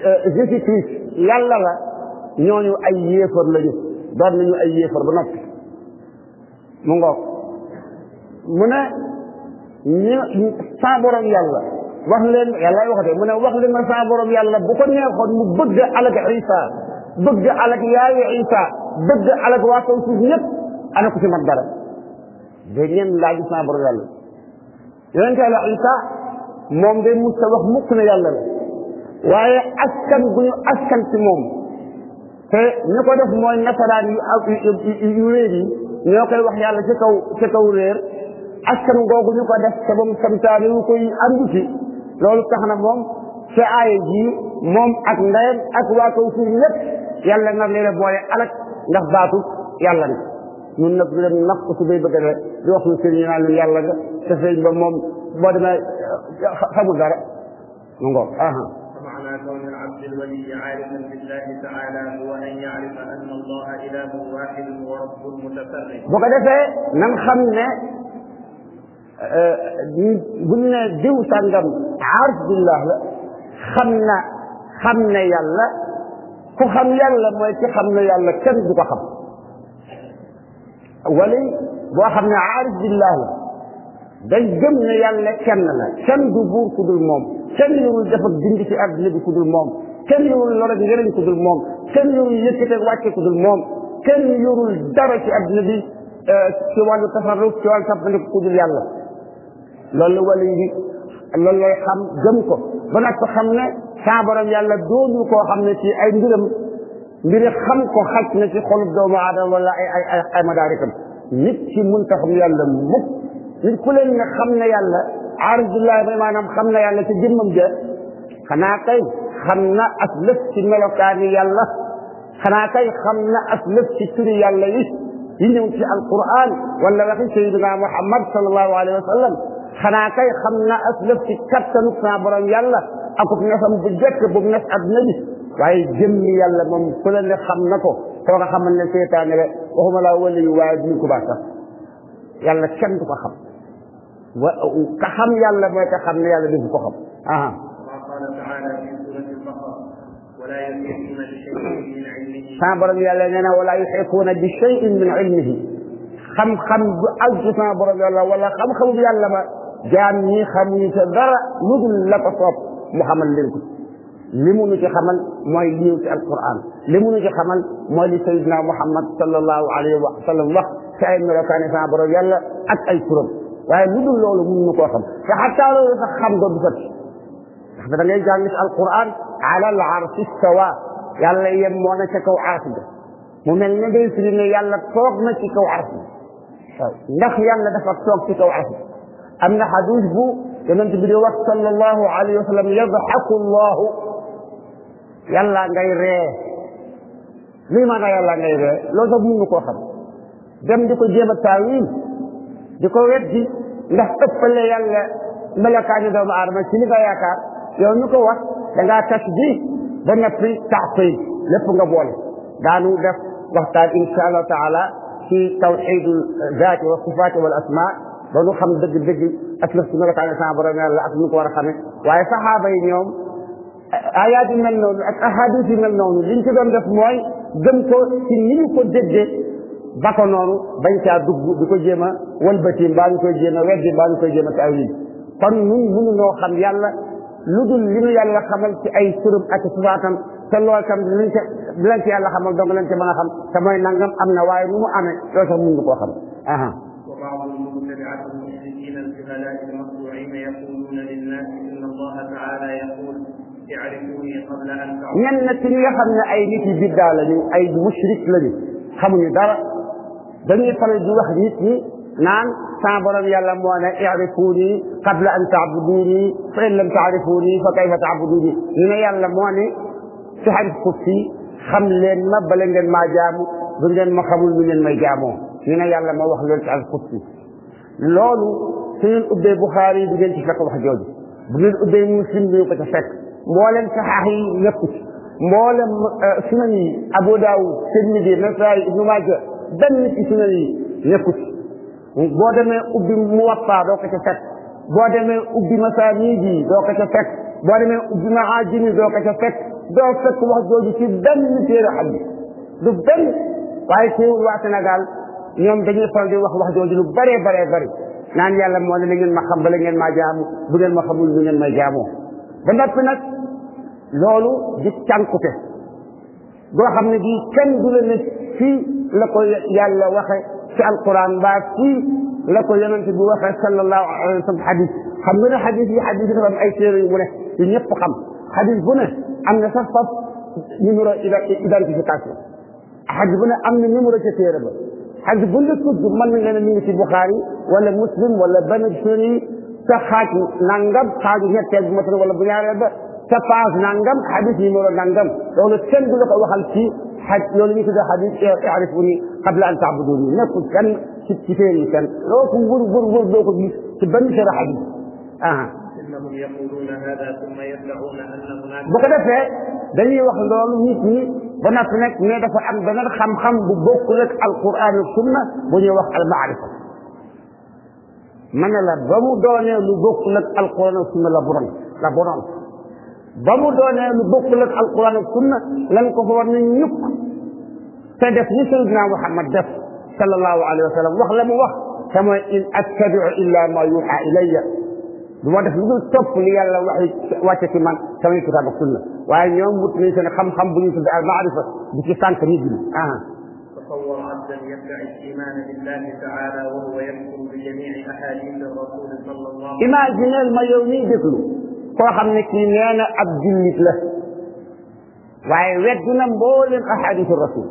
euh, Jésus Christ yàlla la ñooñu ay yéefar lañu doon nañu ay yéefar ba noppi mu ngoog mu ne ñu saa borom yàlla wax leen yàlla waxate mu ne leen ma yàlla bu ko neexoon mu bëgg alak Isa bëgg alak yaayu Isa bëgg alak waa kaw suuf ñëpp ana ko ci mat dara da ngeen laaj saa borom yàlla yonente yàlla Isa moom day mu ta wax mukk ne yàlla la waaye askan bu ñu askan ci moom te ñu ko def mooy nasaraan yu ak yu réer yi ñoo koy wax yàlla ci kaw ci kaw réer askan googu ñu ko def te ba mu santaane wu koy andu ci loolu tax na moom ci aaya ji moom ak ndeyam ak waa kaw suuf lépp yàlla nga leen boole alak ndax baatu yàlla na ñun nag du leen napp su bay bëgg a di wax lu sëriñ naan lu yàlla nga te sëriñ ba moom boo demee xamul dara mu ngoog aha فمعنى كون العبد الولي عارفا بالله تعالى هو أن يعرف أن الله إله واحد ورب متفرد bu ko defee na nga xam ne e, e, bu ñu nee diw sàngam aarif billah la xam na xam ne yàlla ku xam yàlla mooy ci xam ne yàlla kenn du ko xam ولي بوخنا عارف بالله داي جمنا يالا كين لا كين دو بور كودول موم كين لو ديف اك ديندي في ادنا بي كودول موم كين لو لور اك غيرن كودول موم كين لو ييكيتك واتي بي سوالو تفرق سوال تفرق كودول يالا لول ولي دي لول لاي بنا كو خامنا يالا دونو كو خامنا سي mbiri xam ko xaj na ci xolub doomu aadama wala ay ay ay ay madaarikam nit ci mun ta yàlla mukk nit ku leen ne xam na yàlla arzullah may maanaam xam na yàlla ci jëmmam ja xanaa kay xam na ak lëf ci melokaani yàlla xanaa kay xam na ak lëf ci turi yàlla yi yi ñëw ci alquran wala waxi sayidina muhammad salallahu alayhi wa sallam xanaa kay xam na ak lëf ci kattanu saa borom yàlla akub nasam bu jëkk bu nas àdduna bi waaye jëmmi yàlla moom ku la ne xam na ko koo nga xamal ne seetaane la waxuma laa wala yu waaye duñ ko baax sax yàlla kenn du ko xam wa ka xam yàlla mooy ka xam ne yàlla du ko xam aha sama borom yàlla nee na wala yuxiquuna bi cheyin min ilmihi xam-xam du àgg sama borom yàlla wala xam-xamu yàlla ba jaam ñi xamuñu sa dara lu dul la ko soob mu xamal leen ko li mu nu ci xamal mooy li ñëw ci alquran li mu nu ci xamal mooy li sayidna muhammad sallallahu alayhi wa sallam wax ci ay melokaani sama borom yàlla ak ay turam waaye lu dul loolu mun nu koo xam te xataa loolu sax xam nga du sat ndax da ngay jàng ci alquran ala al arsi stawa yàlla yem moo na ca kaw arsi ga mu mel ne day firi ne yàlla toog na ci kaw arsi waaw ndax yàlla dafa toog ci kaw arsi am na xadis bu yonent bi di wax sallallahu alayhi wa sallam yadxaku allahu yàlla ngay ree luy maanaam yàlla ngay ree loolu sax mënuñu koo xam dem di ko jéem a taawil di ko weddi ndax ëppale yàlla melokaani doomu aadama ci li nga yaakaar yow ñu ko wax da ngaa tas bi ba noppi taxqiid lépp nga boole daanu def waxtaan insha allah taala ci tawxidul zaat wa sifaat wal asma ba nu xam dëgg-dëgg aslaf ci melokaani sama borom yàlla ak nu ko war a xamee waaye saxaaba yi ñoom ayat yu mel noonu ak ahadis yu mel noonu liñ ci doon def mooy gëm ko ci ni ñu ko dégge ba ko noonu bañ caa dugg di ko jéem a walbati mbaa ñu koy jéem a weddi mbaa ñu koy jéem a taawil kon nun mënu noo xam yàlla lu dul li ñu yàlla xamal ci ay turam ak sibaatam te loolu tam luñ ca lañ ci yàlla xamal donc lañ ca mën a xam te mooy nangam am na waaye nu mu amee loolu sax mënuñu koo xam aha وبعض المتبعات المشركين الجهلاء المخدوعين يقولون للناس إن الله تعالى يقول ñenn ci ñi nga xam ne ay nit yi biddaa lañu ay mushrik lañu xamuñu dara dañuy faral di wax nit ñi naan sa borom yàlla moo ne irifuni qabla an taabuduni fa in lam taarifuni fa kayfa taabuduni ñu ne yàlla moo ne taarif ko fii xam leen ma bala ngeen maa jaamu du ngeen ma xamul ñu ngeen may jaamoo ñu ne yàlla ma wax loolu taarif ko fii loolu su ngeen ubbee buxaari yi du ngeen ci fekk wax jooju bu ngeen ubbee muslim du ko ca fekk mboolem saxaax yi ñëpp mboolem euh, sunan yi Abu Daawud Tirmidi Nasaa'i Ibnu Maaja benn ci sunan yi ñëpp boo demee ubbi Muwatta doo ko ca fekk boo demee ubbi Masaanid yi doo ko fekk boo demee ubbi Maajim yi doo a ca fekk doo fekk wax jooju ci benn téere xadiis du benn waaye teewul waa Sénégal ñoom dañuy faral di wax wax jooju lu bare bëree bëri naan yàlla moo ne na ngeen ma xam bala ngeen maa jaamu bu ngeen ma loolu di cànkute goo xam ne bii kenn du la ne fii la ko yàlla waxe ci alquran mbaa fii la ko yonente bi waxe sallallahu alayhi wa sallam xadis xam nga ne xadis yi xadis yi dafa am ay téere yu mu ne yi ñëpp xam xadis bu ne am na sax faf numéro identification xadis bu ne am na numéro ci téere ba xadis bu ne tudd mën na nga ne mi ci buxaari wala muslim wala benn suri sa xaaj nangam xaaju ñetteel bu ma wala bu ñaareel ba sa page nangam hadith numéro nangam loolu kenn du la ko waxal ci xaj loolu ñu tuddee hadith i'rifuni qabla an ta'buduni nekkul kenn ci ci seen kenn loo ko wër wër wër doo ko gis ci benn seen hadith ah bu ko defee dañuy wax loolu nit ñi ba natt nag mais dafa am beneen xam-xam bu bokkul ak alquran ak sunna bu ñuy wax al maarifa ma ne la ba mu doonee lu bokkul ak alquran ak sunna la borom la borom ba mu doonee lu bokkul ak alquran ak sunna lan ko fa war na ñukk te def ni sayidina muhammad def sallallahu alayhi wa sallam wax la mu wax te mooy in attabiu illa ma yuha ilayya du ma def lu dul topp li yàlla wax wàcce ci man samay kitaab ak sunna waaye ñoom mut nañ seen xam-xam bu ñu tudd al maarifa di ci sànq nit ñi ah تصور عبدا يدعي الايمان بالله تعالى وهو يكفر بجميع احاديث الرسول صلى الله عليه وسلم. Imaginez ma yow miy koo xam ne kii nee na ab jullit la waaye weddi na mboolem ahadisu rasul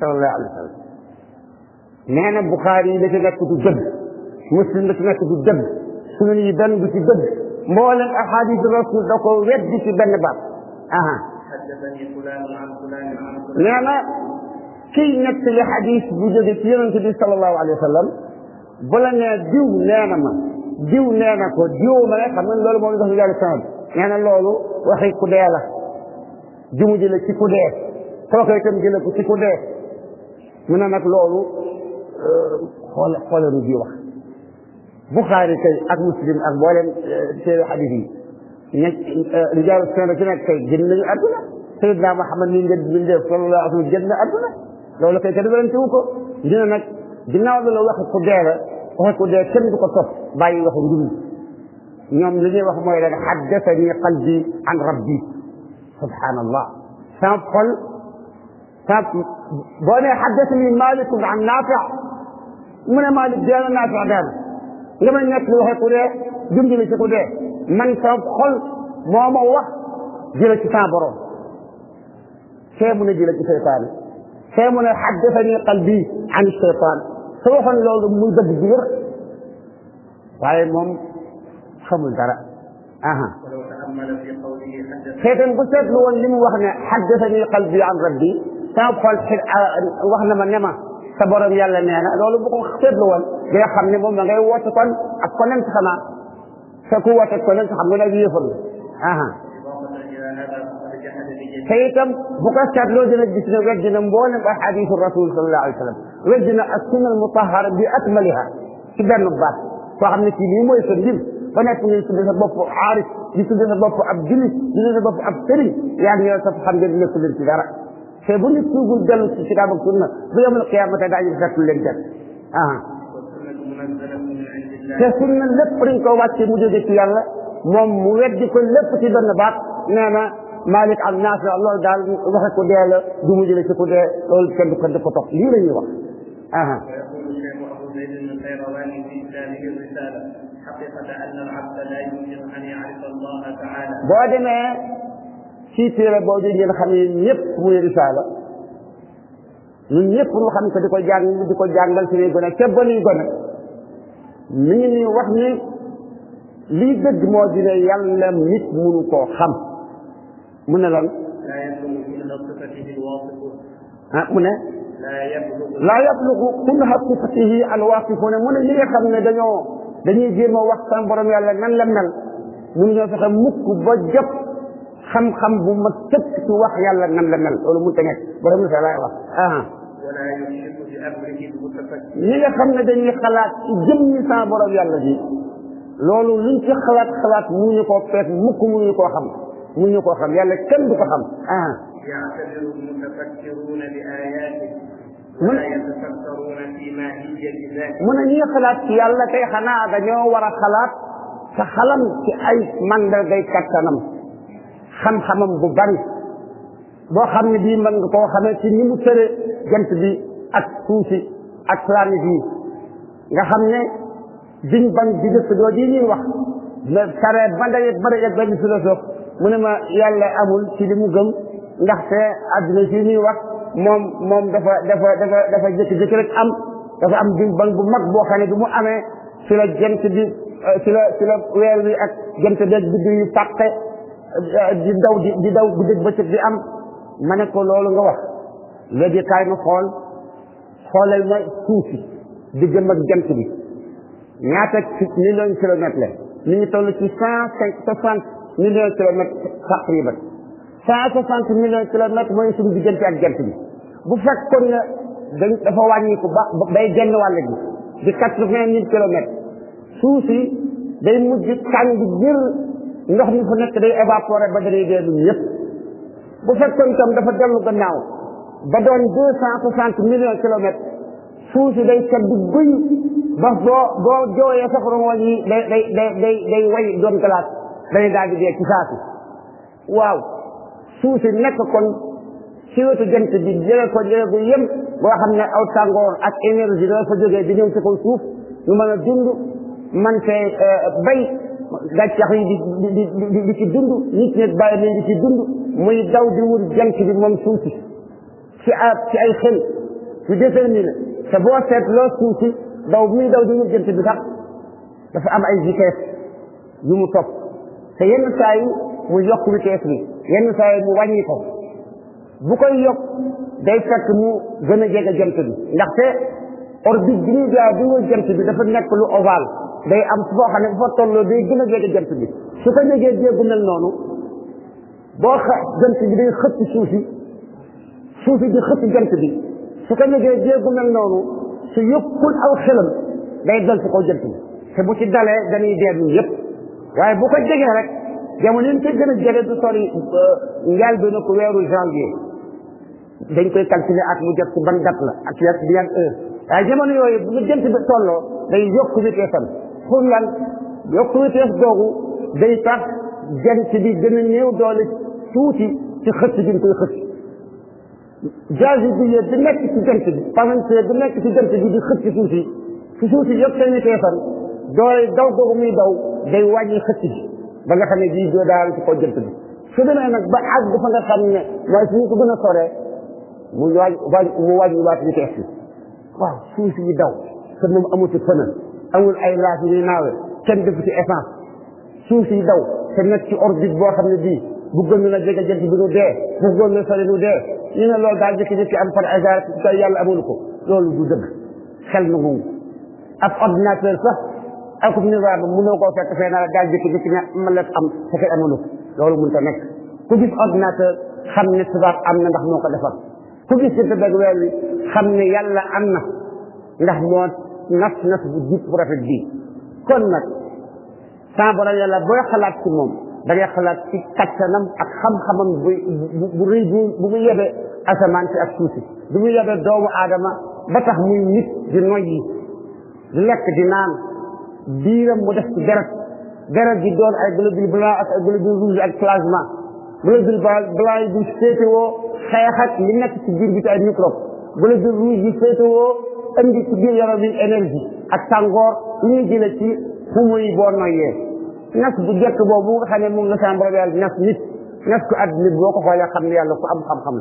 sallallahu alayhi wa sallam nee na buxaari yi la ci nekk du dëgg muslim la ci nekk du dëgg sunan yi benn du ci dëgg mboolem ahadisu rasul da ko weddi ci benn baat aha nee na kiy nekk li xadis bu jóge ci yonente bi sallallahu alayhi wa sallam bu la nee diw nee na ma diw ko diw ma ne xam nga loolu moom dafa yàlla sama nee loolu waxi ku dee la jumu jële ci ku dee kooku itam jële ko ci ku dee mu ne nag loolu xool xoolaru di wax buxaari tey ak muslim ak booleen téere xadis yi ña rijaalu sunna ci nekk tey génn nañu àdduna sayidna Muhammad mi ngeen bi def sallallahu alayhi wa sallam génn na àdduna loolu kay kenn werante wu ko dina nag ginnaaw la waxi ku dee la ko ko de kenn du ko topp bàyyi waxu njub ñoom li ñuy wax mooy leen xaddasani qalbi an rabbi subhanallah sans xol sans boo nee xaddasani maalikum an naafi mu ne maalik dee na naafi daan nga ma nekk lu waxee ku dee dundale ci ku dee man sama xol moo ma wax jële ci sama borom fee mu ne jële ci seytaan fee mu ne xaddasani qalbi an seytaan te waxoon loolu muy bëgg biir waaye moom xamul dara aha seetan bu seetlu woon li mu wax ne xaddatani qalbi an rabbi sama xol xi wax na ma ne ma sa borom yàlla nee na loolu bu ko seetlu woon dina xam ne moom da ngay woote kon ak ko nen xama sa ku woote ko nen xam nga nag yëfal aha te itam bu ko seetloo dina gis ne wedd na mboolem ahadisu rasul sallallahu alayhi wa sallam wéddi na ak sunna mutahara bi akmaliha ci benn baat soo xam ne ci lii mooy sa ndim ba nekk ngay tudde sa bopp aarif di tudde sa bopp ab jullit di tudde sa bopp ab sëriñ yaa ngi yor sa xam nga dina tuddal ci dara te bu nit tuubul dellu ci kitaab ak sunna bu yomul qiyaamata daañu fettul leen tet ah te sunna lépp dañ ko wàcce mu jóge ci yàlla moom mu weddi ko lépp ci benn baat nee na Malik ak Naafi loolu daal waxe ko dee la du mu jële ci ku dee loolu kenn du ko topp lii la ñuy wax أها. ويقول الشيخ أبو زيد القيرواني في كتابه الرسالة حقيقة أن العبد لا يمكن أن يعرف الله تعالى. بعدما ci téere boo jël ngeen xam ne ñëpp muy risaala ñun ñëpp ñu xam ko di ko jàng di ko gone te ba nuy gone mi ngi ñuy wax ni lii dëgg moo di ne nit mënu koo xam mu ne lan ah mu ne laa yablugu kulha sifatihi al waaqifuna mu ne ñi nga xam ne dañoo dañuy jéem a wax sam borom yàlla nan la mel mënu ñoo fexe mukk ba jot xam-xam bu ma sëkk ci wax yàlla nan la mel loolu mu te nekk borom la laay wax ah ñi nga xam ne dañuy xalaat ci jëmmi sa borom yàlla ji loolu luñ ci xalaat xalaat mënuñu koo pees mukk mënuñu koo xam mënuñu koo xam yàlla kenn du ko xam ah mu ne xalaat ci yàlla kay xanaa dañoo war a xalaat te xalam ci ay man mandargay kattanam xam-xamam bu bari boo xam ne bii mën nga koo xamee ci ni mu tëre jant bi ak suusi ak planète yi nga xam ne biñ bañ di gëstu doo di ñuy wax ne saree ba daje ba daje benn philosophe mu ne ma yàlla amul ci li mu gëm ndaxte adduna si ñuy wax moom moom dafa dafa dafa dafa jékki am dafa am di ban bu mag boo xam ne bi mu amee ci la jant bi euh, ci la ci weer wi ak jant beeg biddiw yu euh, di daw di di daw bu dëgg bëccëg bi am ma ne ko loolu nga wax léegi kaay ma xool xoolal ma suuf di diggam ak jant bi ñaata ci million kilomètres la mi ngi toll ci cent cinq soixante million kilomètres taqriban cent soixante million kilomètres mooy suñu diggante ak jant bi bu fekkoon ne dañ dafa wàññiku ba bay genn wàll gi di quatre vingt mille kilomètres suuf si day mujj tàng jër ndox mi fu nekk day évaporer ba dañuy dee ñun yëpp bu kon itam dafa dellu gannaaw ba doon deux cent soixante millions kilomètres suuf si day sedd guy ba boo boo jooyee sax rongooñ yi day day day day daal di dee ci waaw suuf nekk kon si wetu jant bi jëlee ko jëlee bu yem boo xam ne aw tàngoor ak énergie la fa jógee di ñëw ci kaw suuf ñu mën a dund man fee euh, bay gàncax yi di di di di ci dund nit ñi bàyyi nañ di ci muy daw di wut jant bi moom suuf si ci a ci ay xel su déterminé te boo seetloo suuf si daw muy daw di wut jant bi sax dafa am ay vitesse yu mu topp te yenn saa mu yokk vitesse bi yenn saa yi mu wàññi ko bu koy yokk day fekk mu gën a jege jant bi ndaxte orbite bi ñuy gaa bi jant bi dafa nekk lu ovale day am su foo xam ne bu fa tolloo day gën a jege jant bi su ko jegee jéegu mel noonu boo xa jant bi day xëpp suuf si suuf si di xëpp jant bi su ko jegee jéegu mel noonu su yëkkul aw xelam day dal ci kaw jant bi te bu ci dalee dañuy dee ñun yëpp waaye bu ko jegee rek. jamono yi te gën a jege du sori euh, njaal bi ko weeru janvier dañ koy calculer at mu jot ci ban la ak yan yan heure waaye jamono yooyu bu ñu jëm ci ba tolloo day yokk witeesam pour lan yokk witees googu day tax jant bi gën a néew doole tuuti ci xëcc bi ñu koy xëcc jaasibiye bi nekk ci jant bi palanteer bi nekk ci jant bi di xëcc suuf si su suuf si yëpp seen witeesam doole daw googu muy daw day wàññi xëcc bi ba nga xam ne bii doo daal ci kaw jant bi su demee nag ba àgg fa nga xam ne waaye ko gën a soree mu waaj waaj mu wàññi waat vitesse bi waaw suuf si daw te moom amatu pneu amul ay laaj yu ñuy naawee kenn def ci essence suuf si daw te nekk ci boo xam ne bii bu gën na jege jant bi nu dee bu gën na sori nu dee ñu ne loolu daal jékki-jékki am par hasard yàlla amul ko lool du dëgg xel na ngungu ab ordinateur sax alku bi nisaar ba mënoo koo fekk fee na la daal jëkk jëkk ne ma la am fekkee amuluf loolu mënut a nekk ku gis ordinateur xam ne tubaab am na ndax moo ko defar ku gis si dëgg xam ne yàlla am na ndax moo nas nas bu jub bu rafet bii kon nag sans borom yàlla booy xalaat ci moom da ngay xalaat ci kattanam ak xam-xamam bu bu rëy asamaan si ak suuf si bu mu yebe doomu aadama ba tax muy nit di noyyi di lekk di naan biiram mu def ci deret deret gi doon ay globules blancs ak ay globules rouges ak plasma globules blancs yi di féetewoo xeex ci biir bi ci ay microbe globules rouges yi féetewoo indi ci biir yaram bi ak tàngoor li ñuy jëlee ci xumu yi boo noyyee nas bu jekk boobu nga xam ne moom la sàmm yàlla nas nit nas ko àddina boo ko xoolee xam ne yàlla ku am xam-xam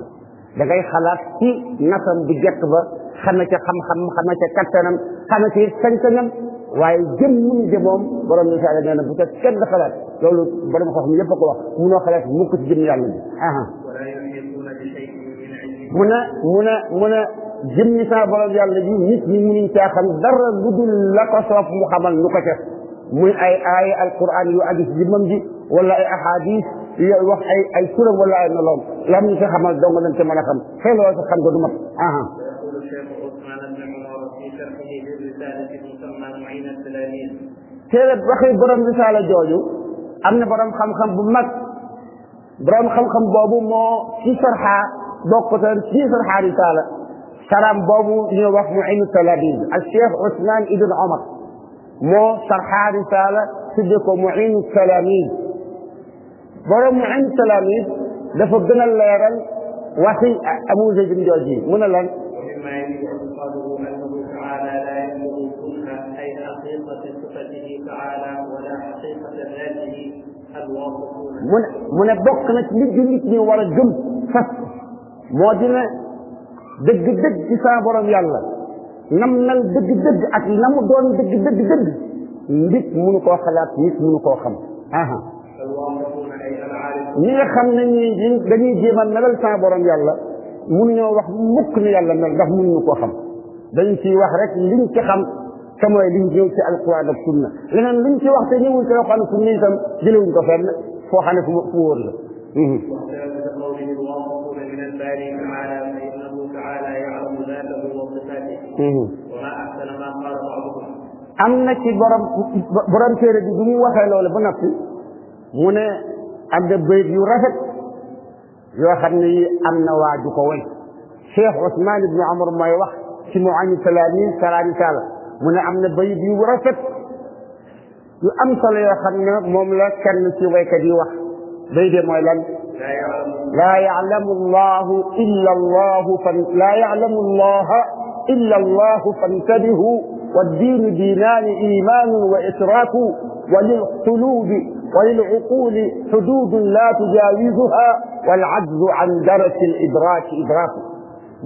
la xalaat ci nasam bu jekk ba xame ca xam-xam xame ca kattanam xame ca sañ-sañam waaye jëmmum ja moom borom bi taala nee na bu ca kenn xalaat loolu borom xam yëpp a ko wax munoo xalaat mukk ci jëmm yàlla bi aha mu ne mu ne mu ne jëmmi saa borom yàlla ji nit ñi munuñ caa xam dara lu dul la ko soof mu xamal nu ko def muy ay aaya alquran yu aju ci jëmmam ji wala ay ahadis yu wax ay ay turam wala ay noloom lam ñu si xamal dong lañ ci mën a xam xëy loolu sa xam ko du mat aha téere waxi borom risaala jooju am na borom xam-xam bu mag borom xam-xam boobu moo ci sarxa bokkutoon ci sarxa risaala saram boobu ñu wax mu inu talabib ak cheikh ousman ibn omar moo sarxa risaala tudde ko mu inu talamid borom mu inu talamid dafa gën a leeral waxi abu zayd jooju mu ne lan mu ne mu ne bokk na li jullit ñi war a gëm fas moo di ne dëgg dëgg ci saa borom yàlla nam nal dëgg dëgg ak na mu doon dëgg dëgg dëgg nit munu koo xalaat nit munu koo xam aha ñi nga xam ne ñi dañuy jéem a melal saa borom yàlla munuñoo wax mukk ni yàlla mel ndax munuñu koo xam dañ ciy wax rek liñ ci xam te mooy liñ ñëw ci alquran ak sunna leneen liñ ci wax te ñëwul ci alquran ak sunna itam jëlewuñ ko fenn صحن في مقبول أمنا كي برام برام كيرا دي أنا وحي لولا بنافي مونا عبد البيت يو رفت يو خدني أنا وعدو قوي شيخ عثمان بن عمر ما يوح كي معاني سلامين سلامي كالا مونا عبد البيت يو رفت yu am solo yoo xam ne moom la kenn ci waykat yi wax bay de mooy lan laa yaalamu allahu illa allahu fan laa yaalamu allaha illa allahu fantabihu والدين دينان إيمان وإشراك وللقلوب وللعقول حدود لا تجاوزها والعجز عن درك الإدراك إدراك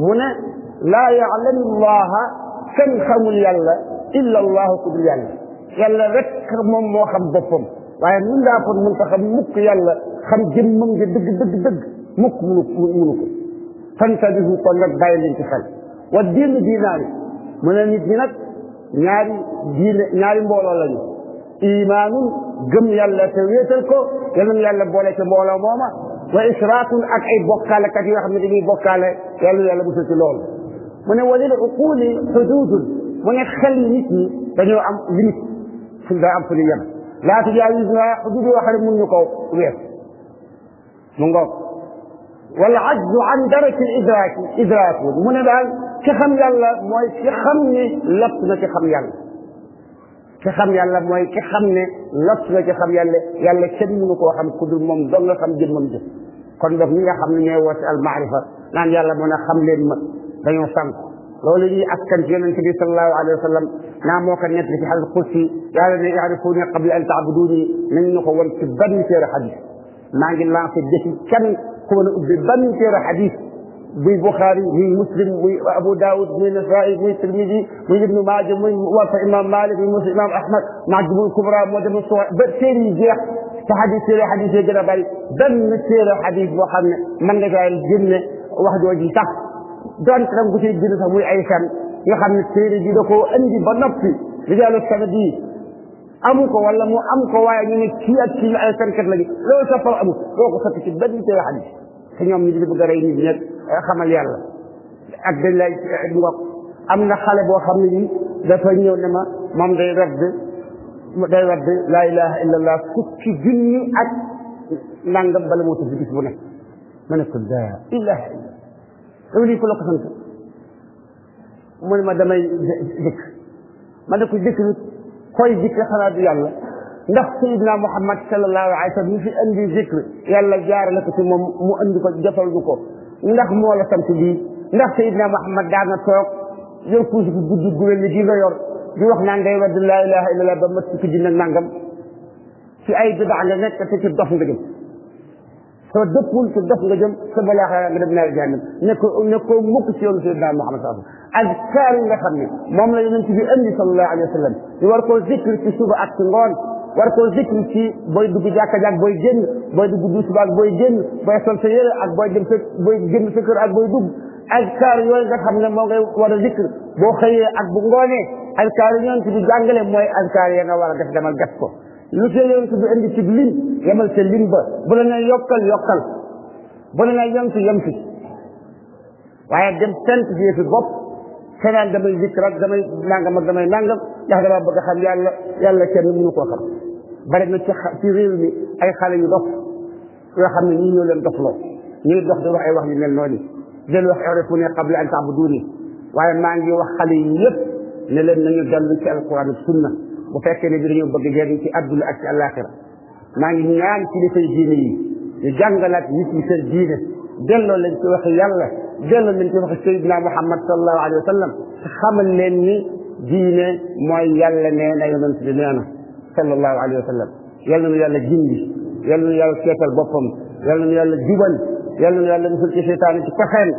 هنا لا يعلم الله كم خمل يلا إلا الله كبر يلا yàlla rek moom moo xam boppam waaye mun daa kon mun ta xam mukk yàlla xam jëmmam ja dëgg dëgg dëgg mukk munu munu ko fantabihu kon nag bàyyi leen ci xel wa diin diinaani mu ne nit ñi nag ñaari diine ñaari mbooloo lañu imaanun gëm yàlla te wéetal ko yàlla yàlla boole ca mbooloo mooma wa israakun ak ay bokkaalekat yoo xam ne dañuy bokkaale yàlla yàlla musal ci loolu mu ne walil uquuli xuduudun mu ne xel nit ñi dañoo am limite كل ذا أمس لا تجاوزها حدود واحد من نقو غير من قوة. والعجز عن درك الإدراك إدراك من بعد كخم يلا موي كخمني لفظنا كخم يلا كخم يلا موي كخمني لفظنا كخم يلا يلا كدي نقو خم كدر مم دون خم جد مم جد كن دفني خم نيوات المعرفة لأن يلا من خم لين ما دايو لولا لي أكن في النبي النبي صلى الله عليه وسلم نعم وكان يدري في حال القرسي يا لن يعرفوني قبل أن تعبدوني من نقوم في بني سير حديث ما عند الله في الدهي كم كون ببني سير حديث بي بخاري بي مسلم بي أبو داود بي نسائي بي ترمذي بي ابن ماجه بي وفا إمام مالك بي مسلم إمام أحمد مع جبو الكبرى مودم الصواء بسيري جيح تحديث سير حديث يجرى بني بني حديث بخاري من لك الجنة واحد وجيه don nag bu ci bind sax muy ay fen nga xam ne téere bi da koo ba noppi rijaalu sanad yi amu ko wala mu am ko waaye ñu ne kii ay fenkat lañu loolu soppal amul doo ko sotti ci benn téere xadis te ñoom ñu di bëgg a rey nit ñi xamal yàlla ak dañ lay ngok am na xale boo xam ne nii dafa ñëw ne ma moom day wedd day wedd laa ilaha illallah fukki junni ak nangam bala moo tax gis bu ne ma ne ko laa dama di ko lokk sant mu ne ma damay dëkk ma ne ko dëkk nit koy dikk xanaa du yàlla ndax sayidna muhammad sallallahu alayhi wa sallam mu fi andi zikr yàlla jaarale ko ci moom mu andi ko jotal ñu ko ndax moo la sant bii ndax sayidna muhammad daa nga toog yow kuusi ku guddi gu mel ni gi nga yor di wax naan day wadd laa ilaha illallah ba mat fukki junni nangam ci ay bidaa nga nekk te ci dof nga jëm soo dëppul ci dof nga jëm sa balaaxara nga dem naar jahannam ne ko ne ko mukk ci yoonu sayyidina Muhammad sallallahu alayhi wa sallam ak kaar yi nga ne moom la yonent bi indi sallallahu alayhi wa sallam ñu war koo zikr ci suba ak ci war koo zikr ci booy dugg jàkka jàkk booy génn booy dugg duus ba ak booy génn booy sol sa yére ak booy dem sa booy génn sa kër ak booy dugg azkaar yooyu nga xam ne moo ngay war a zikr boo xëyee ak bu ngoonee azkaar yi yonent bi jàngale mooy azkaar ya nga war a def demal gat ko lu te yonent bi indi ci lim yemal ba bu la nee yokkal yokkal bu la nee yem si yem si waaye dem sent bopp te naan damay zikr ak damay nangam ak damay nangam ndax damaa bëgg a xam yàlla yàlla kenn mënu koo xam bari na ci ci ay xale yu dof yoo xam ne ñii ñoo leen dof loo ñuy wax ay wax yu mel noonu den wax irifuni qabla an ta'buduni waaye maa ngi wax xale yi yëpp ne leen nañu dellu ci alquran ak sunna bu fekkee ne bi dañoo bëgg jëriñ ci àdduna ak ci àllaaxira maa ngi ñaan ci li fay diine yi ñu jàngalaat nit ñi seen diine delloo leen ci waxi yàlla delloo leen ci waxi sayidina muhammad sallallahu alayhi wa sallam te xamal leen ni diine mooy yàlla nee na yonent bi nee na sallallahu alayhi wa sallam yàlla nu yàlla gindi yàlla nu yàlla seetal boppam yàlla nu yàlla jubal yàlla nu yàlla musul ci seytaane ci pexeen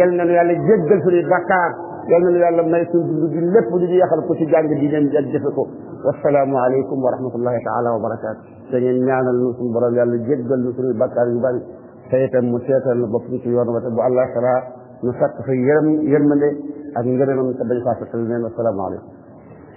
yàlla nu yàlla jéggal suñuy bakkaar yàlla nu yàlla may suñ dund bi lépp lu ñu yaxal ko ci jàng diineem ak jëfe ko والسلام عليكم ورحمة الله تعالى وبركاته سنين نعنى النسل برد يالو جد النسل البكار يبان سيطة مسيطة البطل في يوان وطبع الله سراء نسك في يرم يرم لي أنجرنا من تبني فاسق السلام عليكم